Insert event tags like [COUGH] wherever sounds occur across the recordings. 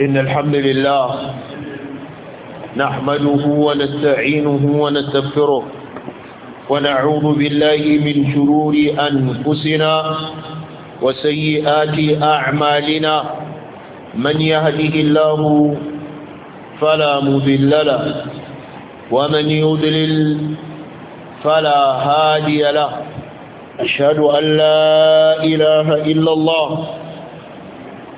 إن الحمد لله نحمده ونستعينه ونستغفره ونعوذ بالله من شرور أنفسنا وسيئات أعمالنا من يهده الله فلا مذل له ومن يضلل فلا هادي له أشهد أن لا إله إلا الله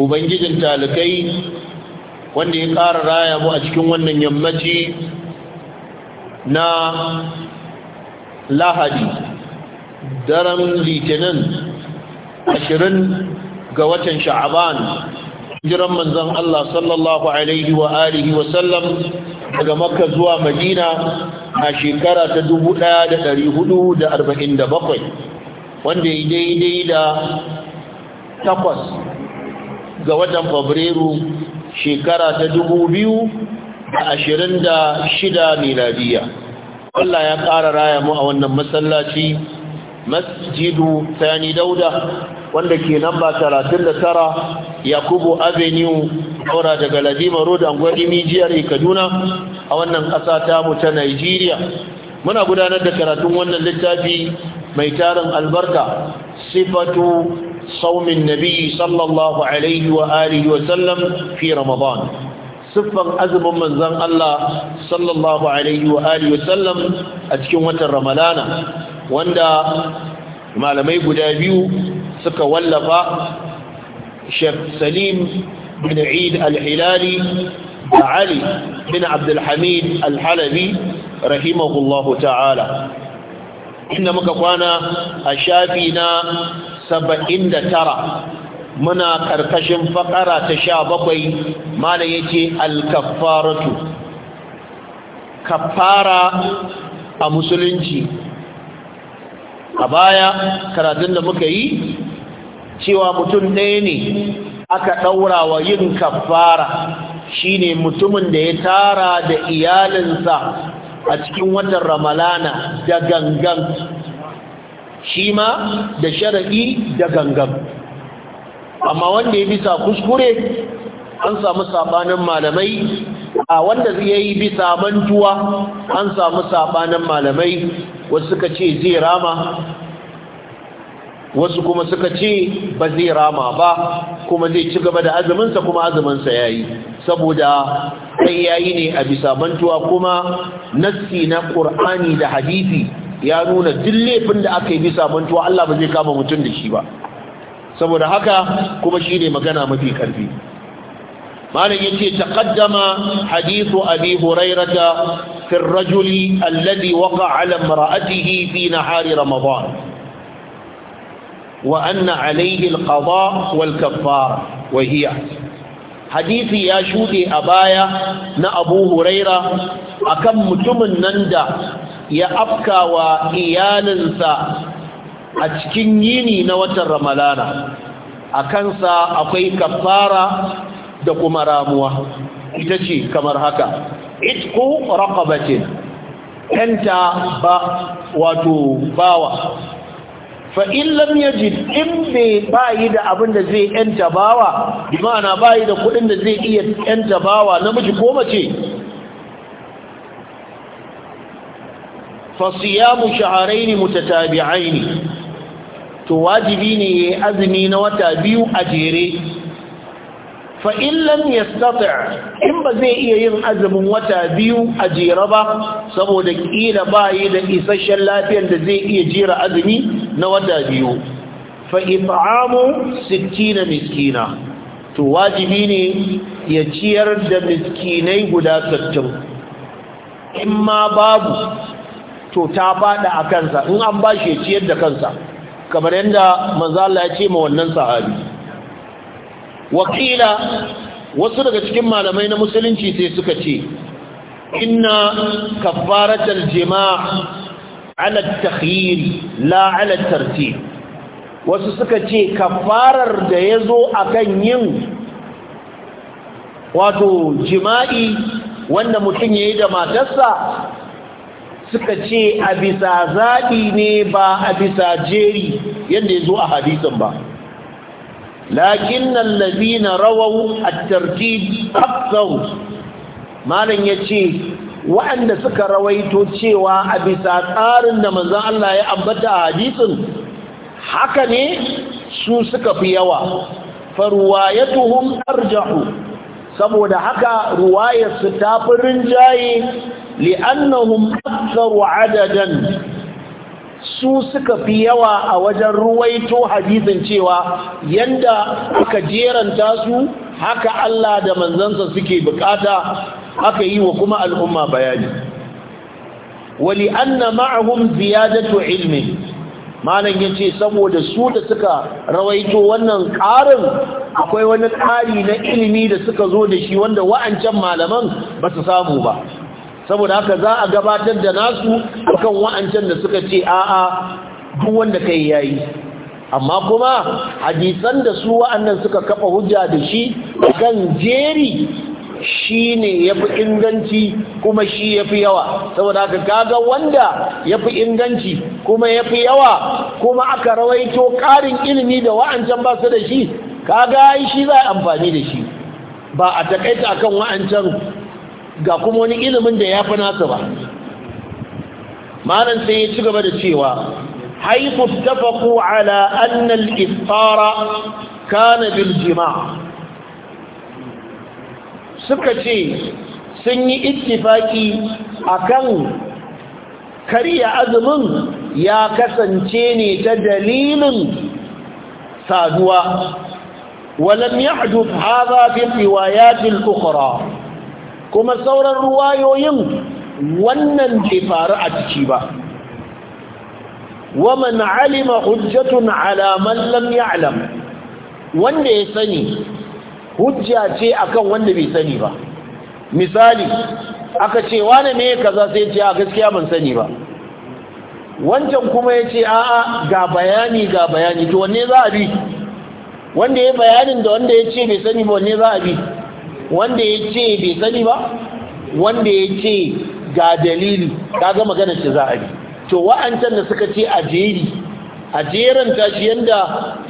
ubangijin talikai wanda ya ƙara raya mu a cikin wannan yammaci na lahadi daren litinin ashirin ga watan sha'aban jiran manzan Allah sallallahu alaihi wa alihi wa sallam daga makka zuwa madina a shekara ta 1447 wanda ya daidai da takwas ga watan fabrairu shekara ta dubu biyu da ashirin da shida miladiya Allah ya ƙara raya mu a wannan masallaci masjidu sani dauda wanda ke namba talatin da tara yakubu avenue daura daga ladima road angwadi mijiyar kaduna a wannan ƙasa tamu ta nigeria muna gudanar da karatun wannan littafi mai tarin albarka sifatu صوم النبي صلى الله عليه وآله وسلم في رمضان صفا أزم من زن الله صلى الله عليه وآله وسلم أتكون وتر رملانا واندا ما لم يقود أبيو سكا ولفا شيخ سليم بن عيد الحلالي علي بن عبد الحميد الحلبي رحمه الله تعالى inda muka kwana a shafi na saba'in da tara muna karkashin fakara ta sha bakwai mana yake alkafaratu kafara a musulunci a baya karatun da muka yi cewa mutum ɗaya ne aka ɗaura wa yin kafara shine mutumin da ya tara da iyalinsa a cikin watan ramalana da gangan shi ma da sharaɗi da gangan amma wanda ya bisa kuskure an samu sabanin malamai a wanda ya yi bisa mantuwa an samu sabanin malamai wasu suka ce zai rama wasu kuma suka ce ba zai rama ba kuma zai ci gaba da azuminsa kuma azuminsa ya yi saboda sai ya yi ne a bisa mantuwa kuma nassi na ƙur'ani da hadisi ya nuna duk laifin da aka yi bisa mantuwa Allah ba zai kama mutum da shi ba saboda haka kuma shi ne magana mafi karfi malam yace taqaddama hadithu abi hurairata fi ar-rajuli alladhi waqa'a ala imra'atihi fi nahar ramadan wa anna alayhi al-qada' wal-kaffara wa hiya hadisi ya shuɗe a baya na abu akan mutumin nan da ya afkawa iyalinsa a cikin yini na watan ramalana a kansa akwai kafara da kuma ramuwa ita ce kamar haka itku raqabatin kanta ba wato bawa fa in lam yajid in bai bayi da abin da zai yanta bawa bi ma'ana bayi da kudin da zai iya yanta bawa namiji ko mace mu fasiyamu shaharaini mutatabi'aini to wajibi ne yi azumi na wata biyu a jere fa in lam yastati' in ba zai iya yin azumin wata biyu a jere ba saboda ƙila baya da isasshen lafiyar da zai iya jera azumi na wata biyu fa it'amu 60 miskina to wajibi ne ya ciyar da miskinai guda 60 in ma babu to ta fada a kansa in an ba shi ciyar da kansa kamar yadda manzala Allah ya ce ma wannan sahabi wakila wasu daga cikin malamai na musulunci sai suka ce inna kaffaratul jima'a ala takhyir la ala tartib wasu suka ce kafarar da yazo akan yin wato jima'i wanda mutum yayi da matarsa suka ce a bisa zaɓi ne ba a bisa jeri yadda ya zo a hadisan ba lakin nan na rawau a tartib afsau malam ya ce waɗanda suka rawaito cewa a bisa tsarin da manzan Allah ya ambata a hadisin haka ne su suka fi yawa Faruwa faruwayatuhum jahu. saboda haka ruwayarsu ta fi rinjaye li'annahum aktharu adadan su suka fi yawa a wajen ruwaito hadisin cewa yanda aka jeranta su haka Allah da manzansa suke bukata aka yi wa kuma al'umma bayani wali anna ma'ahum ziyadatu ilmi malam yace saboda su da suka rawaito wannan karin akwai wani kari na ilimi da suka zo da shi wanda wa'ancan malaman ba su samu ba saboda haka za a gabatar da nasu kan wa'ancan da suka ce a'a duk wanda ka yi yayi amma kuma hadisan da su wa'annan suka kafa hujja da shi kan jeri shi ne ya fi inganci kuma shi ya fi yawa saboda ka gaga wanda ya fi inganci kuma ya fi yawa kuma aka rawaito ƙarin ilimi da wa'ancan ba su da shi kaga shi za a amfani da shi ba a takaita akan wa'ancan ga kuma wani ilimin da ya fi nasa ba malam sai ya ci gaba da cewa haifu tafaku ala annal iftara kana bil jima'a suka ce sun yi ittifaki akan kariya azumin ya kasance ne ta dalilin saduwa ولم يحدث هذا في الروايات الأخرى kuma sauran ruwayoyin wannan bai faru a ciki ba waman alima hujjatun ala man lam ya'lam wanda ya sani hujja ce akan wanda bai sani ba misali aka ce wane ne kaza sai ce a gaskiya ban sani ba wancan kuma ya ce a'a ga bayani ga bayani to wanne za a bi wanda ya bayanin da wanda ya ce bai sani ba wanne za a bi wanda ya ce bai sani ba wanda ya ce ga dalili kaga magana ce za a bi to wa'ancan da suka ce a jeri a jeran tashi yanda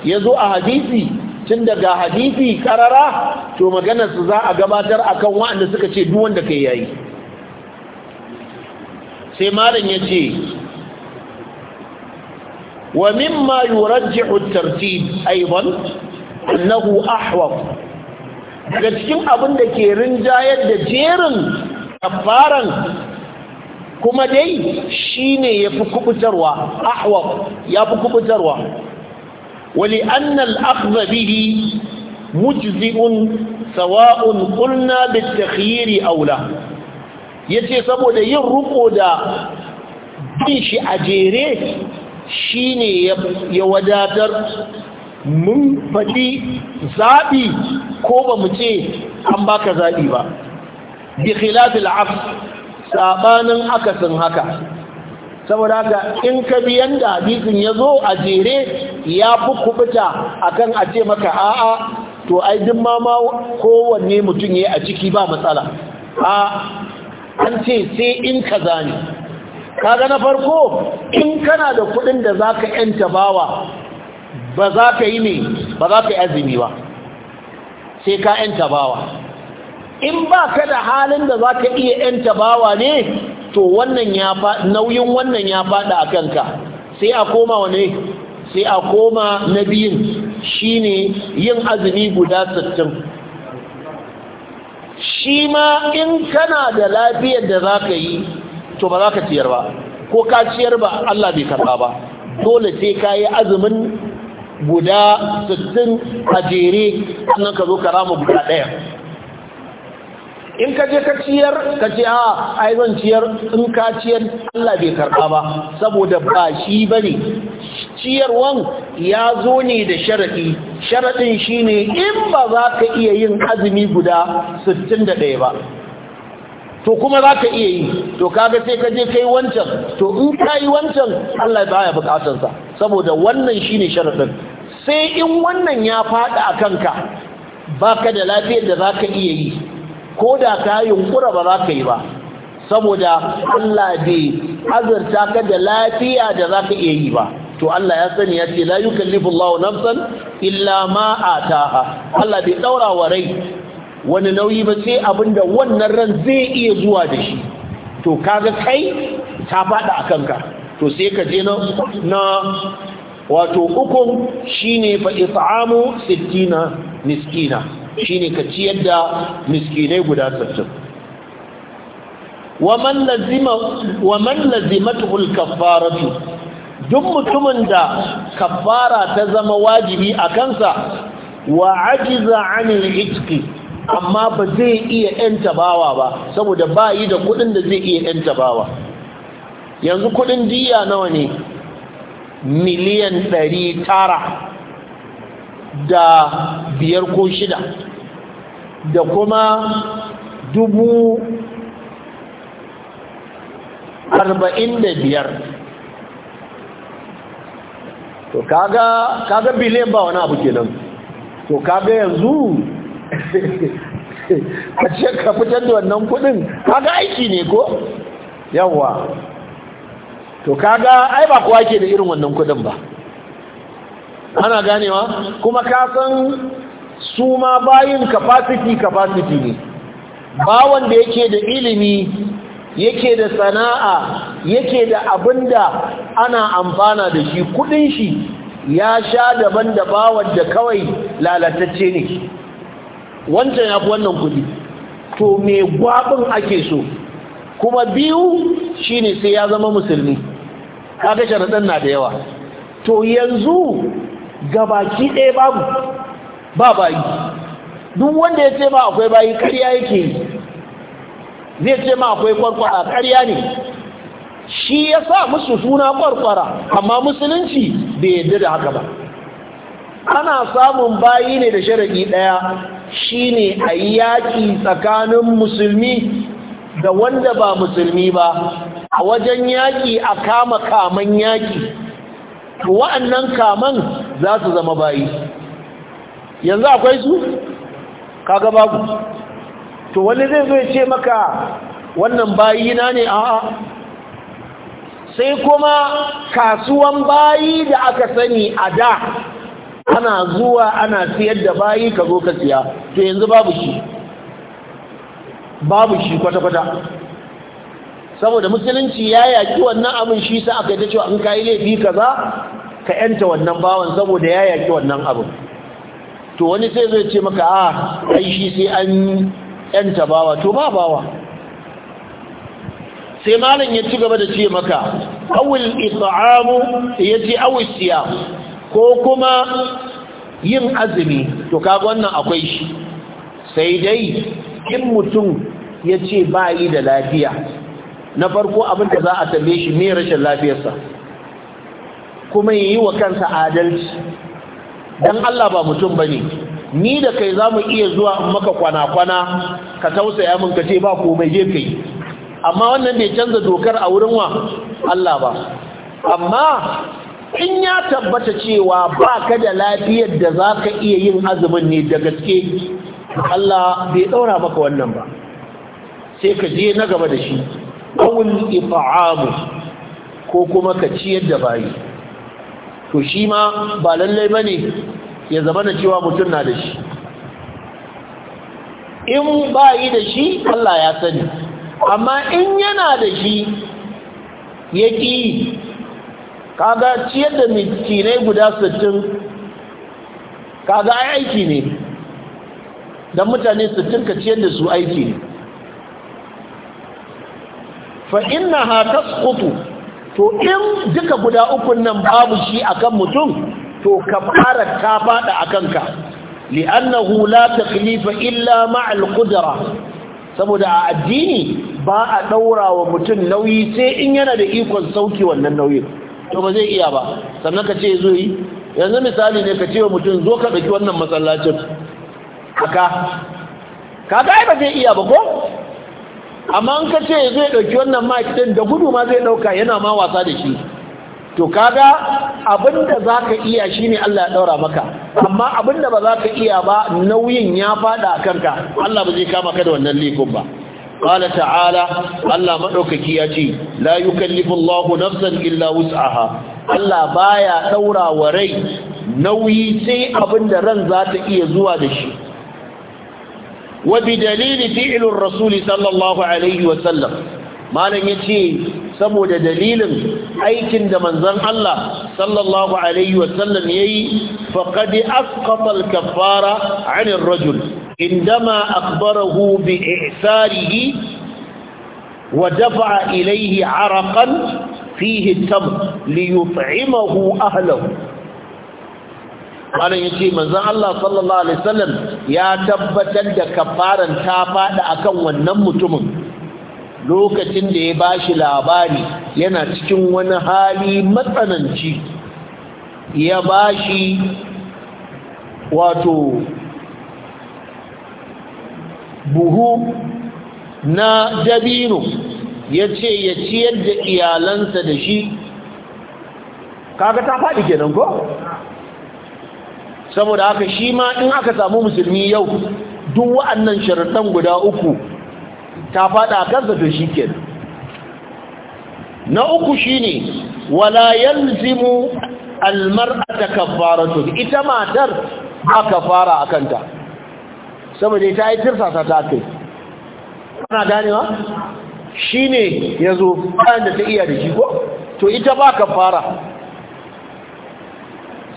ya zo a hadisi tun daga hadisi karara to magana su za a gabatar akan wa'anda suka ce duk wanda ka yayi sai malam ya ce wa mimma yurajjihu at-tartib aidan annahu ahwaf daga cikin abin da ke rinjayar da jerin kafaran kuma dai shine yafi kubutarwa ahwa yafi kubutarwa Wani anna al mujzi'un sawa'un qulna bit-takhyir aw yace saboda yin ruko da bin shi a jere shine ya wadatar mun faɗi zaɓi ko ba mu ce an ka zaɓi ba bi khilafil af sabanin akasin haka saboda haka in ka biyan yanda hadisin ya zo a jere ya fi kubuta kan a ce maka a'a to ai duk ma ma kowanne mutum ya a ciki ba matsala a an ce sai in ka zane kaga na farko in kana da kuɗin da za ka yanta bawa ba za ka yi ne ba za ka yi azumi ba sai ka yanta bawa in ba ka da halin da za ka iya yanta bawa ne to wannan ya nauyin wannan ya faɗa a kanka sai a koma wane sai a koma na biyun shi ne yin azumi guda sittin. shi ma in kana da lafiyar da za ka yi to ba za ka ciyar ba ko ka ciyar ba Allah bai karɓa ba dole sai ka yi azumin guda sittin a jere sannan ka zo ka rama guda ɗaya in ka je ka ciyar ka ce a ah, ai ciyar in ka ciyar Allah bai karɓa ba saboda ba shi ba ne ciyarwan ya zo ne da sharaɗi sharaɗin shine in ba za ka iya yin azumi guda da ɗaya ba to kuma za ka iya yi to kaga sai ka je kai wancan to in ka yi wancan Allah baya bukatarsa saboda wannan shine sharaɗin sai in wannan ya faɗi a kanka baka da lafiyar da zaka iya yi ko da ka yunkura ba za ka yi ba saboda Allah bai azurta ka da lafiya da za ka iya yi ba to Allah ya sani ya ce la yukallifu Allahu nafsan illa ma ataha Allah bai daura wa rai wani nauyi ba sai abinda wannan ran zai iya zuwa da shi to kaga kai ta fada akan ka to sai ka je na wato ukun shine fa is'amu 60 miskina shine ka ciyar da miskinai guda 60 wa lazima waman lazimatu al-kaffaratu duk mutumin da kaffara ta zama wajibi a kansa wa ajiza anil itqi amma ba zai iya yanta bawa ba saboda ba yi da kudin da zai iya yanta bawa yanzu kudin diya nawa ne miliyan ɗari tara da biyar ko shida da kuma dubu arba'in da biyar to kaga kaga biliyan ba wani abu kenan to kaga yanzu [LAUGHS] a ce ka fitar da wannan kudin kaga aiki ne ko yawwa to kaga ai ba kowa ke da irin wannan kudin ba ana ganewa kuma ka san su ma bayin capacity capacity ne bawan da yake da ilimi yake da sana'a yake da abinda ana amfana da shi kudin shi ya sha daban da bawan da kawai lalatacce ne wancan ya fi wannan kudi to me gwabin ake so kuma biyu shine sai ya zama musulmi kaga sharadan na da yawa to yanzu gabaki ɗaya babu ba bayi duk wanda ya ce ma akwai bayi karya yake yi zai ce ma akwai kwarkwara karya ne shi ya sa musu suna kwarkwara amma musulunci bai yadda da haka ba ana samun bayi ne da sharaɗi ɗaya shine ne yaƙi tsakanin musulmi da wanda ba musulmi ba a wajen yaƙi a kama kaman yaƙi wa'annan kaman za su zama bayi yanzu akwai su kaga babu to wani zai zo ce maka wannan bayi na ne a'a sai kuma kasuwan bayi da aka sani a da ana zuwa ana siyar da bayi ka zo ka siya to yanzu babu shi babu shi kwata-kwata saboda musulunci ya yaki wannan abin shi sa aka yi ta cewa an kayi laifi kaza ka yanta wannan bawan saboda ya yaki wannan abin to wani sai zai ce maka a ah, ai shi sai an yanta bawa to ba bawa sai malam ya ci gaba da ce maka awul it'amu yace awul siyam ko kuma yin azumi to kaga wannan akwai shi sai dai in mutum ya ba yi da lafiya na farko abin da za a tambaye shi me rashin lafiyarsa kuma yi wa kansa adalci Don Allah ba mutum ba ne ni da kai za mu iya zuwa in maka kwana-kwana ka tausaya min ka ce ba komai je kai amma wannan bai canza dokar a wurin wa Allah ba amma in ya tabbata cewa ba ka da lafiyar da za ka iya yin azumin ne da gaske Allah bai ɗaura maka wannan ba sai ka je na gaba da shi awul ifa'amu ko kuma ka ciyar da bayi to shi ma ba lallai ba ne ya zama na cewa mutum na da shi in bayi da shi Allah ya sani amma in yana da shi ya ƙi kaga ciyar da miskinai guda sittin kaga ai aiki ne don mutane sittin ka ciyar da su aiki ne fa innaha tasqutu to in duka guda ukun nan babu shi akan mutum to kafara ta fada akan ka hula ta kilifa illa ma'al qudra saboda a addini ba a daura wa mutum nauyi sai in yana da ikon sauki wannan nauyin to ba zai iya ba sannan ce zo yanzu misali ne ka ce wa mutum zo ka ɗauki wannan masallacin haka kaga ai ba zai iya ba ko amma an ka ce zai ɗauki wannan mike ɗin da gudu ma zai ɗauka yana ma wasa da shi to kaga abinda za ka iya shine Allah ya ɗaura maka amma abinda ba za ka iya ba nauyin ya faɗa a kanka Allah ba zai kama ka da wannan laifin ba قال تعالى الله ya ياتي لا يكلف الله نفسا الا وسعها الله بايا دورا وري nauyi sai abinda ran za iya zuwa da shi وبدليل فعل الرسول صلى الله عليه وسلم ما لم يتي سبوه دليل أيكن دمنزان الله صلى الله عليه وسلم يي فقد أسقط الكفارة عن الرجل عندما أخبره بإعساره ودفع إليه عرقا فيه التمر ليطعمه أهله malam yace manzon Allah sallallahu alaihi wasallam ya tabbatar da kafaran ta fada akan wannan mutumin lokacin da ya bashi labari yana cikin wani hali matsananci ya bashi wato buhu na dabino ya ce ya ciyar da iyalansa da shi kaga ta faɗi kenan ko saboda haka shi ma in aka samu musulmi yau duk wa'annan sharaɗan guda uku ta faɗa kansa to shi ke. na uku shi ne wala yanzimu almar'ata to ita matar kafara fara akanta saboda ita yi tirsasa ta kai ana ganewa ya yazo bayan da ta iya da shi ko to ita ba kafara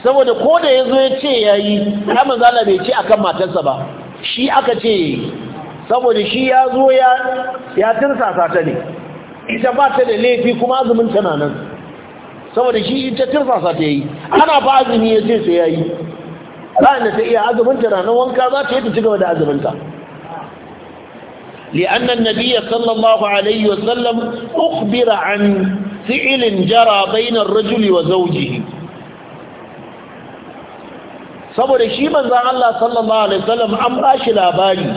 saboda ko da ya zo ya ce ya yi ya manzala bai ce akan matarsa ba shi aka ce saboda shi ya zo ya tirsasa ta ne ita ba ta da laifi kuma azumin tana nan saboda shi ita tirsasa ta yi ana ba azumi ya ce sai ya yi ra'ayin da ta iya azumin tana nan wanka za ta yi ta ci gaba da azuminta لأن النبي صلى الله عليه وسلم أخبر عن فعل جرى بين الرجل وزوجه saboda shi manzan Allah sallallahu Alaihi wasallam an ba shi labari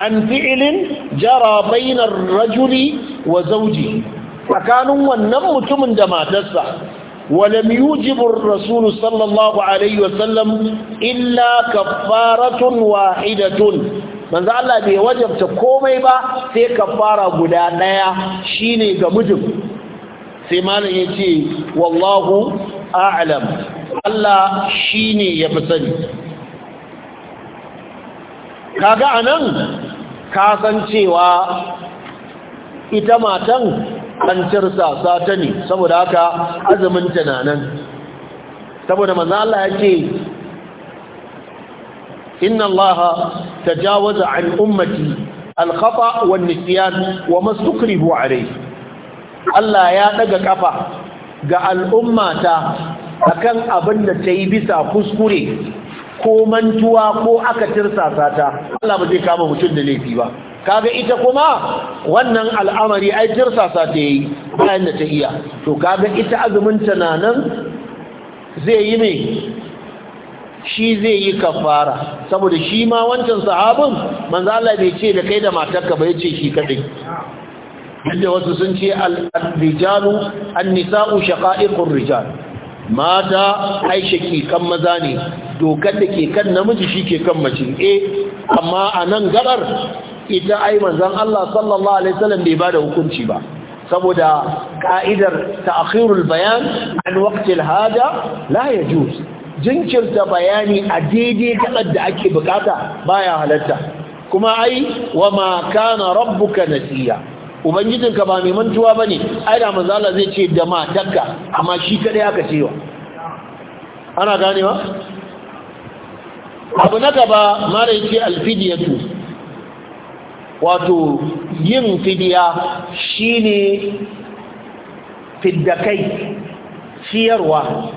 an fi’ilin jara bainar rajuri wa zauji tsakanin wannan mutumin da matarsa walam yujibur rasulu sallallahu Alaihi wasallam illa kaffaratun wahidatun manzan Allah bai wajabta komai ba sai kafara guda ɗaya shine ga mutum sai malam ya ce wallahu a'alam Allah shi ne ya fi sani kaga a nan kasancewa ita matan an cirsa ta ne saboda haka azumin tunanin saboda manzo Allah yake inna ta jawaza an ummati al-khata wa masu wa a rai. Allah ya daga kafa ga al'ummata a kan abin da ta yi bisa kuskure ko mantuwa ko aka tirsasa ta Allah ba zai kama mutum da laifi ba kaga ita kuma wannan al'amari ai tirsasa ta yi bayan da ta iya to kaga ita azumin ta nan zai yi mai shi zai yi kafara saboda shi ma wancan sahabin manzo Allah bai ce da kai da matarka ba yace shi kadai yadda wasu sun ce al-rijalu an-nisa'u shaqa'iqur rijal mata ke kan maza ne dokar da ke kan namiji shi ke kan mace eh amma a nan garar ita ai manzon Allah sallallahu alaihi wasallam bai bada hukunci ba saboda ka'idar ta'khirul bayan an waqtil hada la yajuz jinkirta bayani a daidai kadar da ake bukata baya halatta kuma ai wa ma kana rabbuka nasiya ubangijinka ba mai mantuwa ba ne ai da manzala zai ce da matakka amma shi kadai aka cewa ana ganewa abu na gaba mara yake alfidiyatu wato yin fidiya shi shine fiddakai ciyarwa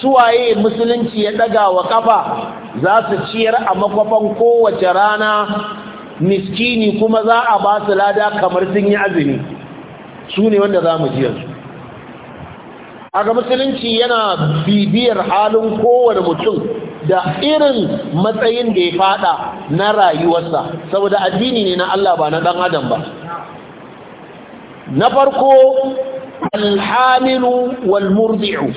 suwaye musulunci ya daga wa kafa za su ciyar a makwafan kowace rana miskini kuma za a ba su lada kamar sun yi azumi su ne wanda za mu ji yanzu a musulunci yana bibiyar halin kowane mutum da irin matsayin da ya fada na rayuwarsa saboda addini ne na Allah ba na dan adam ba na farko alhamilu wal murdi'u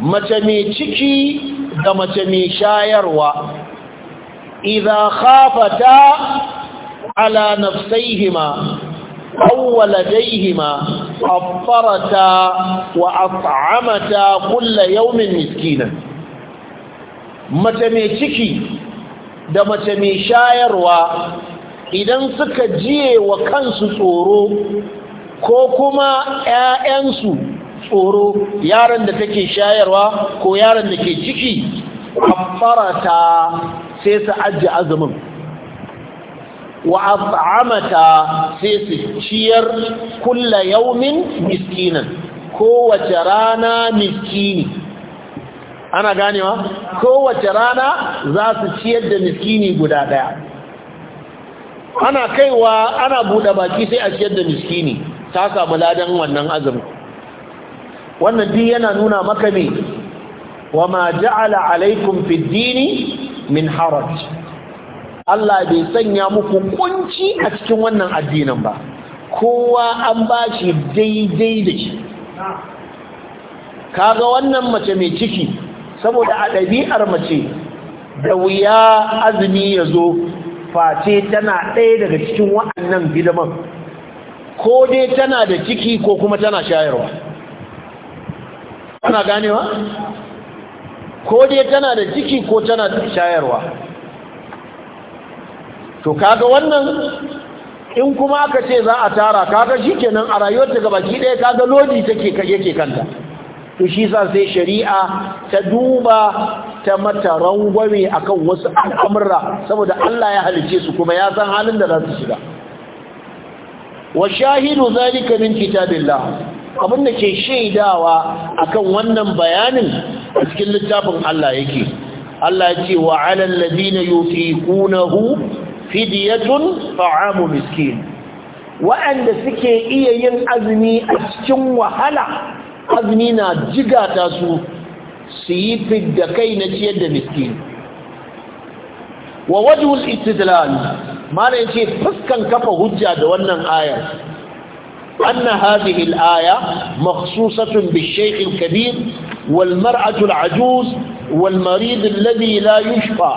mace mai ciki da mace mai shayarwa إذا خافتا على نفسيهما أو ولديهما أفطرتا وأطعمتا كل يوم مسكينا ciki da mace mai shayarwa idan suka jiye wa kansu tsoro ko kuma 'ya'yansu tsoro yaron da take shayarwa ko yaron da ke ciki affarata sai su ajiye azumin wa at'amata sai su ciyar kulla yaumin miskinan kowace rana miskini ana ganewa kowace rana za su ciyar da miskini guda daya ana kaiwa ana bude baki sai a ciyar da miskini ta samu ladan wannan azumin wannan din yana nuna maka ne wa ma ja'ala alaikum fid dini min haraj Allah bai sanya muku kunci a cikin wannan addinin ba kowa an ba shi daidai da shi kaga wannan mace mai ciki saboda a ɗabi'ar mace da wuya azumi ya zo face tana ɗaya daga cikin wa'annan hidiman ko dai tana da ciki ko kuma tana shayarwa ana ganewa ko dai tana da ciki ko tana da shayarwa to kaga wannan in kuma aka ce za a tara kaga shikenan a rayuwarta gabaki ɗaya kaga lodi take yake kanta to shi sa sai shari'a ta duba ta mata rangwame akan wasu al'amura saboda Allah ya halice su kuma ya san halin da za su shiga wa shahidu zalika min kitabillah abin da ke shaidawa akan wannan bayanin a cikin littafin Allah yake Allah ya ce wa alal ladina yutiqunahu fidyatun ta'amu miskin wa'anda suke iya yin azumi a cikin wahala azumi na jigata su su yi fidda kai na ciyar da miskin wa wajhul istidlal mana yace fuskan kafa hujja da wannan ayar أن هذه الآية مخصوصة بالشيخ الكبير والمرأة العجوز والمريض الذي لا يشفى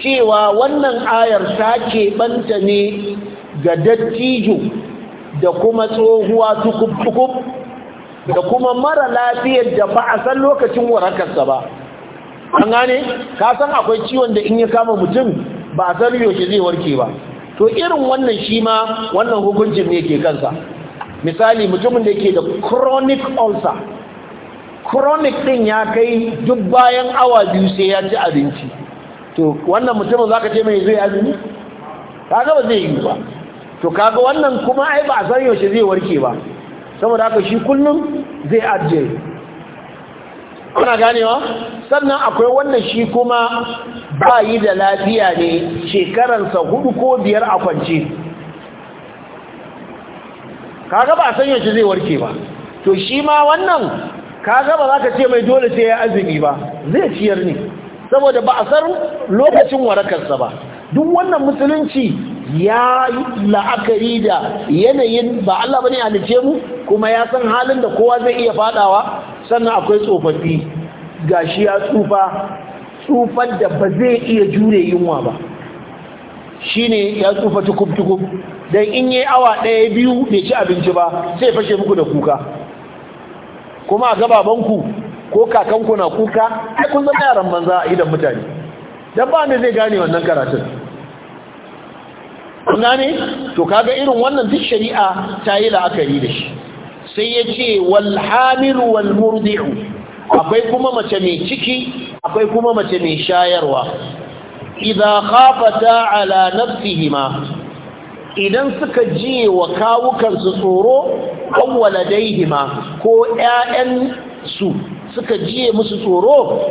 cewa wannan ayar ta keɓanta ne ga dattijo da kuma tsohuwa tukub-tukub da kuma mara lafiyar da ba a san lokacin warakarsa ba an gane ka san akwai ciwon da in ya kama mutum ba a san yaushe zai warke ba to irin wannan shi ma wannan hukuncin ne ke kansa misali mutumin da ke da chronic ulcer chronic din ya kai duk bayan awa biyu sai ya ci abinci to wannan mutumin za ka ce mai zai azumi kaga ba zai yi ba to kaga wannan kuma ai ba a san yaushe zai warke ba saboda haka shi kullum zai ajiye kuna ganewa sannan akwai wannan shi kuma ba yi da lafiya ne shekaransa hudu ko biyar a kwance kaga ba san yaushe zai warke ba to shi ma wannan kaga ba za ka ce mai dole sai ya azumi ba zai ciyar ne saboda ba a san lokacin warakarsa ba duk wannan musulunci ya la'akari da yanayin ba Allah bane nace mu kuma ya san halin da kowa zai iya fadawa sannan akwai tsofaffi gashi ya tsufa tsufar da ba zai iya jure yunwa ba Shi ne ya tsufa tukub-tukub don in yi awa ɗaya biyu bai ci abinci ba sai fashe muku da kuka kuma a gababanku ko kakanku na kuka ai kun zama yaran banza a idan mutane don ba ne zai gane wannan karatun kuna ne to kaga irin wannan duk shari'a ta yi la'akari da shi sai ya ce walhamilu walmurdi'u akwai kuma mace mai ciki akwai kuma mace mai shayarwa idza khafata ala nafsihima idan suka ji wa kawukansu tsoro hima ko ƴaƴan su suka ji musu tsoro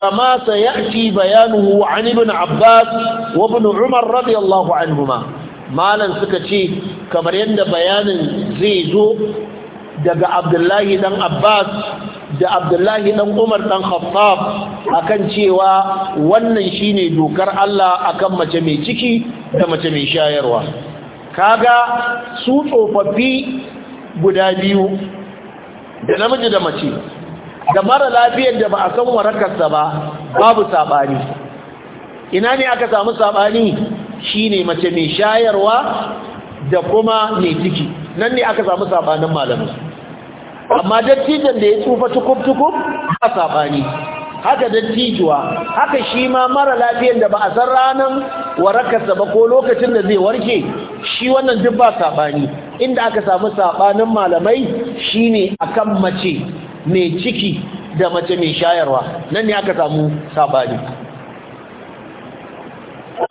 kama sayati bayanuhu an ibn abbas wa ibn umar radiyallahu anhuma malan suka ce kamar yadda bayanin zai zo daga abdullahi dan abbas da abdullahi dan umar dan khattab akan cewa wannan shine dokar Allah akan mace mai ciki da mace mai shayarwa kaga su tsofaffi guda biyu da namiji da mace da mara lafiyar da ba a san warakarsa ba babu sabani ina ne aka samu sabani shine mace mai shayarwa da kuma mai ciki nan ne aka samu sabanin malamai amma dattijan da ya tsufa tukub-tukub ba sabani haka dattijuwa haka shi ma mara lafiyan da ba a san ranar warakarsa ba ko lokacin da zai warke shi wannan duk ba sabani inda aka samu sabanin malamai shi shine akan mace mai ciki da mace mai shayarwa nan ne aka samu sabani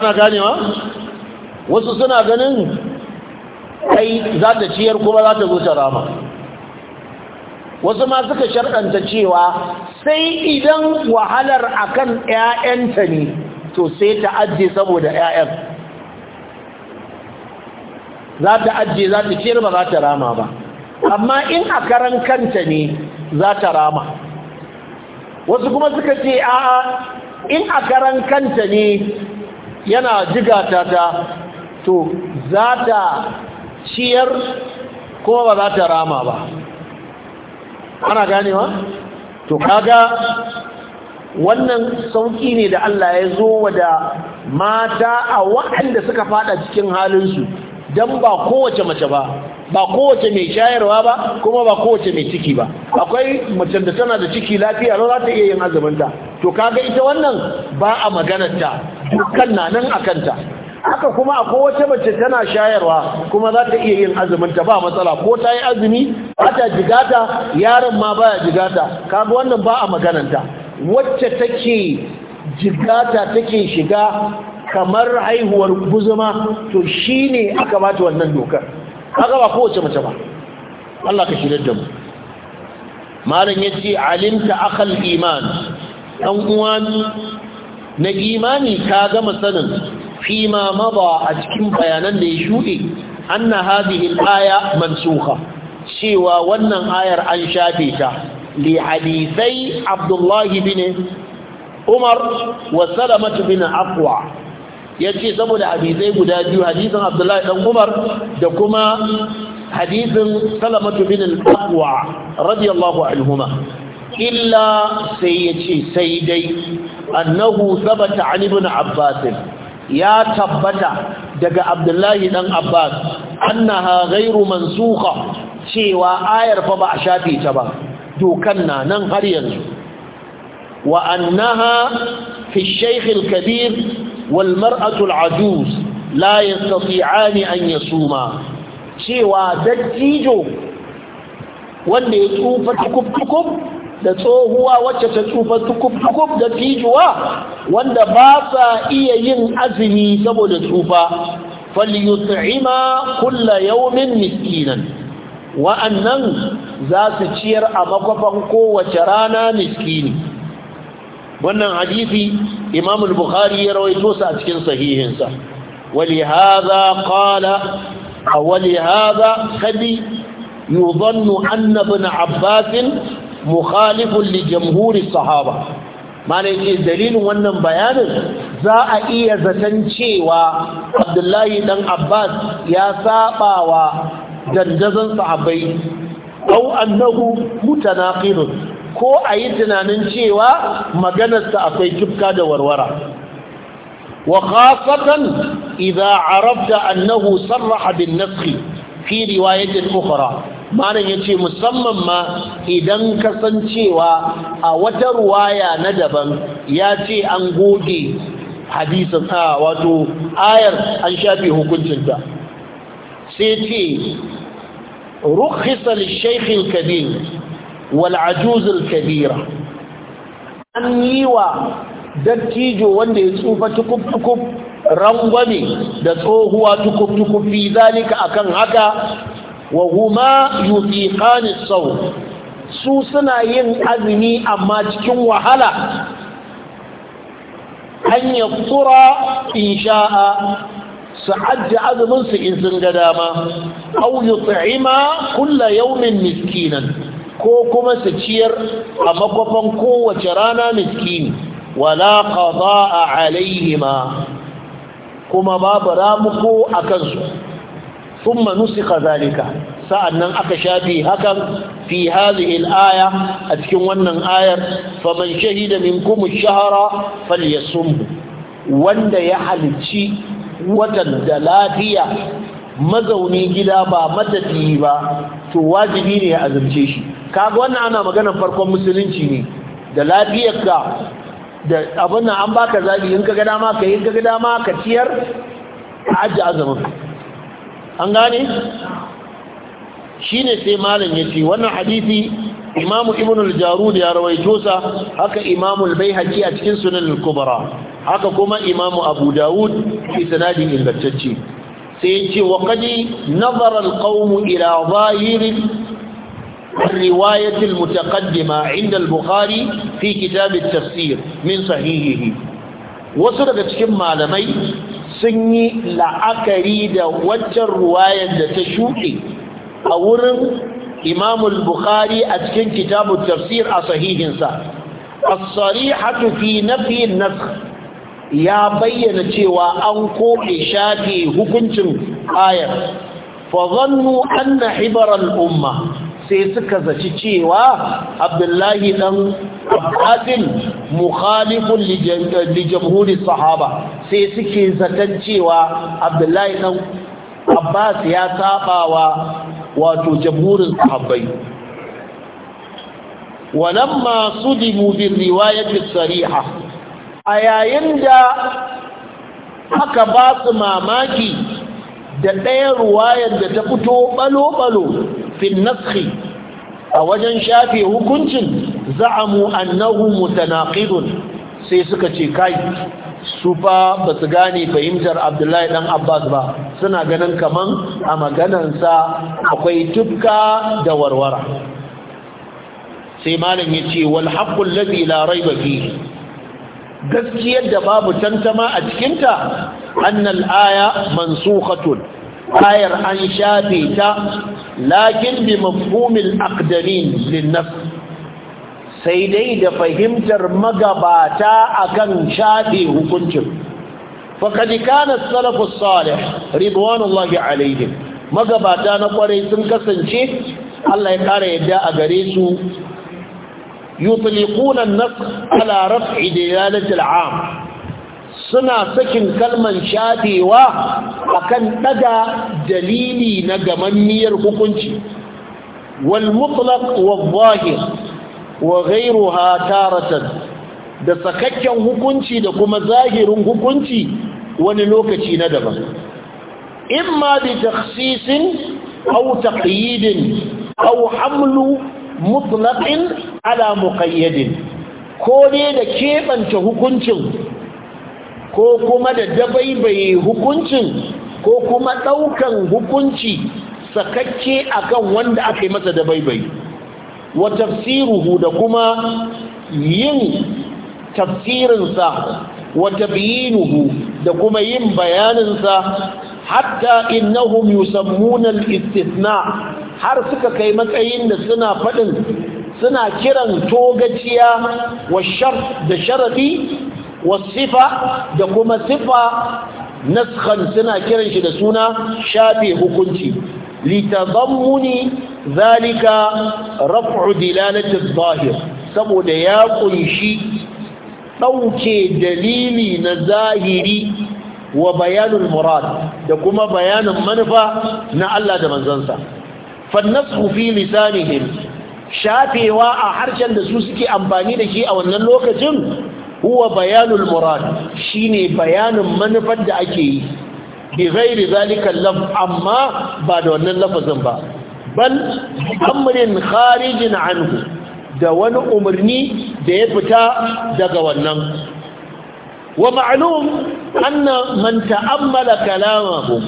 ana ganewa wasu suna ganin ai za ta ciyar kuma za ta zo ta rama wasu ma suka sharɗanta cewa sai idan wahalar akan 'ya'yanta ne to sai ta ajiye saboda 'ya'yan za ta ajiye za ta ciyar ba za ta rama ba amma in a karan kanta ne za ta rama wasu kuma suka ce a in a karan kanta ne yana jigata ta to za ta ciyar kuma ba za ta rama ba ana ganewa to kaga wannan sauki ne da Allah ya zo wa da mata a waɗanda suka fada cikin halinsu don ba kowace mace ba ba kowace mai shayarwa ba kuma ba kowace mai ciki ba akwai macen da tana da ciki lafiya lau za ta iya yin azuminta to kaga ita wannan ba a maganarta dukkan na nan a kanta haka kuma ko wata mace tana shayarwa kuma za ta iya yin azumin ta ba matsala ko ta yi azumi ba ta jigata yaron ma baya jigata kaga wannan ba a magananta wacce take jigata take shiga kamar haihuwar guzuma to ne aka bata wannan dokar kaga ba kowace mace ba Allah ka shirye da mu malam yace alimta akal iman ɗan uwa na imani ka gama sanin fima maba a cikin bayanan da ya shuɗe anna hadhihi al-aya mansukha cewa wannan ayar an shafe ta li hadisai Abdullahi bin Umar wa Salamah bin Aqwa yace saboda hadisai guda biyu hadisin Abdullahi dan Umar da kuma hadisin Salamah bin Aqwa radiyallahu anhuma illa sai yace sai dai annahu sabata an ibn Abbas ya tabbata daga abdullahi dan abbas annaha ghairu mansukha cewa ayar fa ba a shafe ta ba dokan na nan har yanzu wa annaha fi shaykh al-kabir wal mar'atu al-ajuz la yastati'an an yasuma cewa dattijo wanda ya tsufa tukuf-tukuf. da tsohuwa wacce ta tsufa tukub-tukub da tijuwa wanda ba sa iya yin azumi saboda tsufa falyut'ima kulla yawmin miskinan wa'annan za su ciyar a makwafan kowace rana miskini wannan hadisi imam al-bukhari ya rawaito sa a cikin sahihinsa ولهذا قال ولهذا قد يظن أن ابن عباس mukhalifun li jamhurin sahaba mana dalilin wannan bayanin za a iya zaton cewa abdullahi dan abbas ya saba wa dandazon sahabbai au annahu mutanaqilun ko ayi tunanin cewa maganarsa akwai kifka da warwara وخاصة إذا عرفت أنه صرح بالنسخ في رواية أخرى malam ya ce musamman ma idan kasancewa a wata ruwaya na daban ya ce an goge hadisin a wato ayar an shafe hukuncinta sai ce rukhisa lishaikhin kabir wal kabira an yi wa dattijo wanda ya tsufa tukub-tukub rangwame da tsohuwa tukub-tukub fi zalika akan haka wa huma yutiqani saw su suna yin azumi amma cikin wahala an yaftura insha'a su hajji azuminsu in sun ga dama aw yut'ima kulla yawmin miskinan ko kuma su ciyar a makwafan kowace rana miskini wala a alaihima kuma babu ramuko a kansu thumma nusikha zalika sa'annan aka shafi hakan fi hadhihi al-aya a cikin wannan ayar faman shahida minkum ash-shahra falyasum wanda ya halici watan da lafiya mazauni gida ba matafiyi ba to wajibi ne ya azumce shi kaga wannan ana maganar farkon musulunci ne da lafiyarka da abin nan an baka zabi in ka ga dama ka yi ka ga dama ka ciyar ka ajiye azumin an gane Shi ne sai malam ce wannan hadisi Imam'u Ibn al-Jarud ya rawaito sa haka Imam'u al-Baihaqi a cikin Sunan al-Kubra haka kuma Imam Abu Dawud fi sanadin ingantacce sai yace wa qadi nazara al-qawm ila zahir الرواية المتقدمة عند Bukhari fi كتاب التفسير min sahihihi wasu daga cikin malamai sun yi la'akari da waccan ruwayar da ta shuɗe a wurin imamul bukhari a cikin Kitabu tafsir a sahihinsa as-sarihatu fi nafi ya bayyana cewa an koɗe shafe hukuncin ayar fazannu anna hibaral umma sai suka zaci cewa abdullahi dan abbasin mukhalifun li jamhuri sahaba sai suke zatan cewa abdullahi dan abbas ya saba wa wato jamhurin sahabbai walamma sudimu bin riwayati sariha a yayin da aka ba su mamaki da ɗayan ruwayar da ta fito balo-balo fi a wajen shafe hukuncin za'amu annahu mutanaqidun sai suka ce kai su fa ba su gane fahimtar abdullahi dan abbas ba suna ganin kaman a maganansa akwai tufka da warwara sai malam ya ce wal haqqul ladhi la raiba fihi gaskiyar da babu tantama a cikinta annal aya mansukhatun ayar an shafe ta lakin bi mafhumil aqdarin linnas sai dai da fahimtar magabata akan shafe hukuncin faqad kana as salih ridwanullahi alaihim magabata na kwarai sun kasance Allah ya kara yadda a gare su yutliquna an-nas ala raf'i dilalati al-'am suna sakin kalman shafewa akan ɗaga dalili na gamammiyar hukunci wal mutlaq wa gairu ha ghayruha da sakakken hukunci da kuma zahirin hukunci wani lokaci na daban imma bi taksisin au taqyidin au hamlu mutlaqin ala muqayyadin ko ne da keɓanta hukuncin ko kuma da dabaibaye hukuncin ko kuma ɗaukan hukunci sakacce akan wanda aka yi masa dabaibaye wa tafsiruhu da kuma yin tafsirinsa wa tabyinuhu da kuma yin bayaninsa hatta innahum yusammuna al-istithna har suka kai matsayin da suna fadin suna kiran togaciya wa shar da sharadi wasifa da kuma sifa naskhan suna kiran shi da suna shafe hukunci litadammuni zalika raf'u dilalati adh-dhahir saboda ya kunshi dauke dalili na zahiri wa bayanul murad da kuma bayanin manufa na Allah da manzansa fannashu fi lisanihim shafewa a harshen da su suke amfani da shi a wannan lokacin huwa bayanul murad shine bayanin manufar da ake yi bi ghairi zalika laf amma ba da wannan lafazin ba bal amrin kharijin anhu da wani umarni da ya fita daga wannan wa ma'lum anna man ta'ammala kalamahu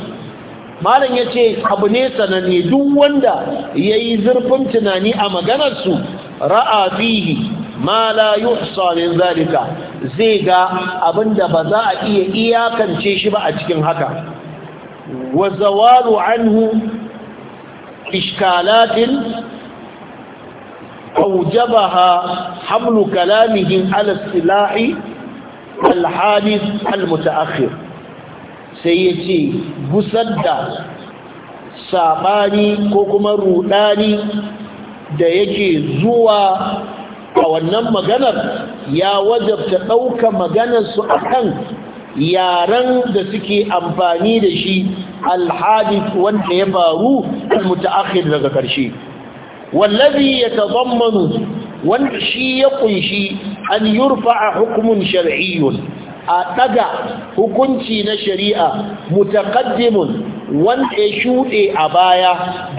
malam yace abu ne sananne duk wanda yayi zurfin tunani a maganarsu ra'a fihi ma la yuhsa min zai ga abinda ba za a iya iyakance shi ba a cikin haka wa zawalu anhu iskalatin Hablu hamlu kalamihi ala silahi alhadis almutaakhir sai yace busar da saɓani ko kuma rudani da yake zuwa a wannan maganar ya wajabta ɗauka maganarsu a kan yaren da suke amfani da shi alhadith wanda ya faru al-mutaakhir daga ƙarshe wallazi yatadammanu wanda shi ya kunshi an a hukmun shar'iyyun a ɗaga hukunci na shari'a mutaƙaddimin wanda ya shuɗe a baya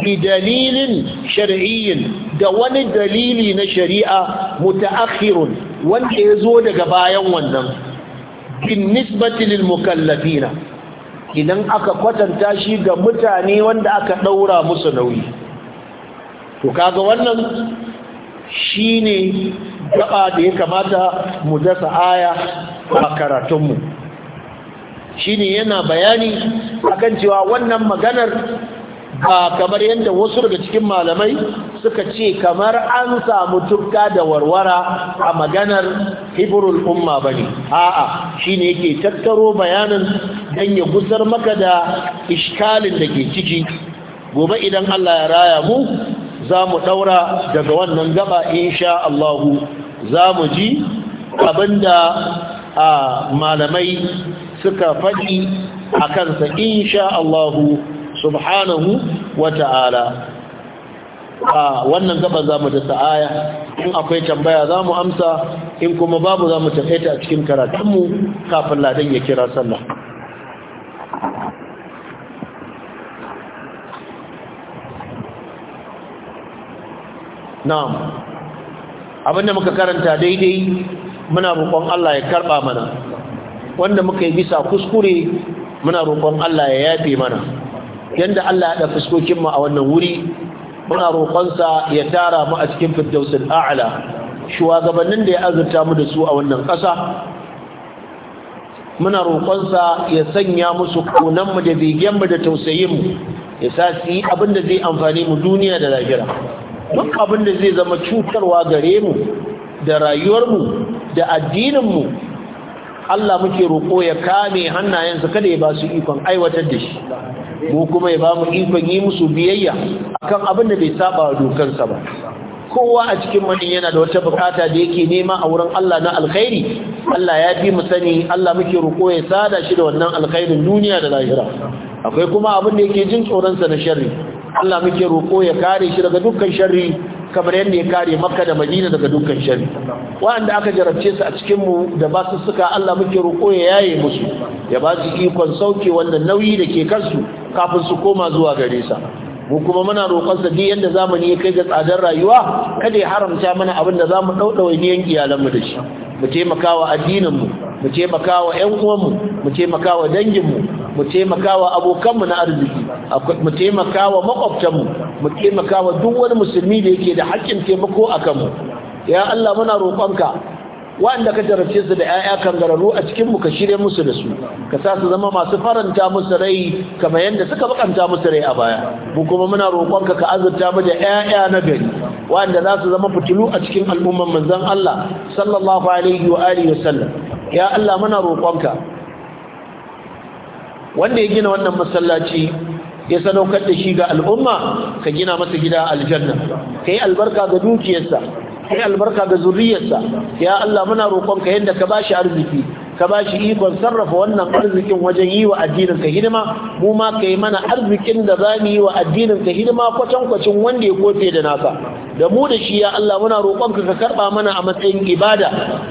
bi dalilin shar'iyyin da wani dalili na shari'a mutaakhirun wanda ya zo daga bayan wannan bin nisbati mukallafina idan aka kwatanta shi ga mutane wanda aka ɗaura musu nauyi to kaga wannan shine gaba da ya kamata mu dasa aya a karatunmu Shi ne yana bayani akan cewa wannan maganar ba kamar yadda wasu daga cikin malamai suka ce kamar an samu tukka da warwara a maganar hibrul umma ba bane a'a ne yake tattaro bayanin don ya gusar maka da iskalin da ke ciki gobe idan Allah ya raya mu za mu daura daga wannan gaba insha allahu za mu ji abinda a malamai suka faɗi a kansa insha Allahu subhanahu wa ta'ala a wannan gaba za mu dasa aya in akwai tambaya za mu amsa in kuma babu za mu tafaita a cikin karatunmu kafin ladan ya kira sallah na'am abinda muka karanta daidai muna roƙon Allah ya karɓa mana wanda muka yi bisa kuskure muna roƙon Allah ya yafe mana yanda Allah ya da fuskokin mu a wannan wuri muna roƙonsa ya tara mu a cikin firdausul a'la shugabannin da ya azurta mu da su a wannan ƙasa muna roƙonsa ya sanya musu mu da mu da tausayinmu ya sa su yi abin da zai amfani mu duniya da lahira duk abin da zai zama cutarwa gare mu da rayuwar mu. da addininmu Allah muke roƙo ya kame hannayensa kada ya ba su ikon aiwatar da shi mu kuma ya ba mu ikon yi musu biyayya akan abin da bai saba dokansa ba kowa a cikin mani yana da wata bukata da yake nema a wurin Allah na alkhairi Allah ya fi mu sani Allah muke roƙo ya sada shi da wannan alkhairin duniya da lahira akwai kuma abin da yake jin tsoron sa na sharri Allah muke roƙo ya kare shi daga dukkan sharri kamar yadda ya kare makka da madina daga dukkan sharri waɗanda aka jarabce su a cikin mu da ba su suka allah muke roƙo ya yaye musu ya ba su ikon sauke wannan nauyi da ke kansu kafin su koma zuwa gare sa mu kuma muna roƙon sa duk yadda zamani ya kai ga tsadar rayuwa kada ya haramta mana abin da zamu daudawa niyan iyalan mu da shi mu taimakawa addinin mu mu taimakawa ƴan uwan mu mu taimakawa dangin mu mu taimakawa abokan mu na arziki mu taimakawa makwabtan mu mu taimakawa duk wani musulmi da yake da haƙƙin taimako akan mu ya Allah muna roƙonka wanda ka jarabce su da 'ya'ya kangararru a cikin mu ka shirye musu da su ka sa su zama masu faranta musu rai kamar yadda suka bakanta musu rai a baya mu kuma muna roƙonka ka azurta mu da 'ya'ya na gari wanda za su zama fitilu a cikin al'umman manzon Allah sallallahu alaihi wa alihi ya Allah muna roƙonka wanda ya gina wannan masallaci ya sadaukar da shi ga al'umma ka gina masa gida aljanna kai albarka ga dukiyarsa kai albarka ga zuriyarsa ya Allah muna ka yadda ka bashi arziki ka bashi ikon sarrafa wannan arzikin wajen yi wa addinin ka hidima mu ma ka yi mana arzikin da za mu yi wa addinin ka hidima kwacankwacin wanda ya kofe da naka da mu da shi ya Allah muna roƙonka ka karɓa mana a matsayin ibada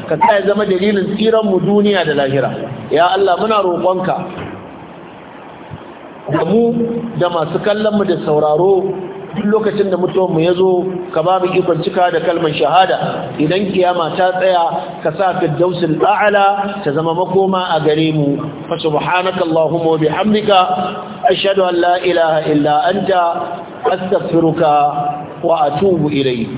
ka sa ya zama dalilin tsiran mu duniya da lahira ya Allah muna ka da mu da masu kallon mu da sauraro duk lokacin da mu ya zo ka ba mu ikon cika da kalmar shahada idan kiyama ta tsaya ka sa firdausul a'la ta zama makoma a gare mu fa subhanaka allahumma wa bihamdika ashhadu an la ilaha illa anta astaghfiruka wa atubu ilayk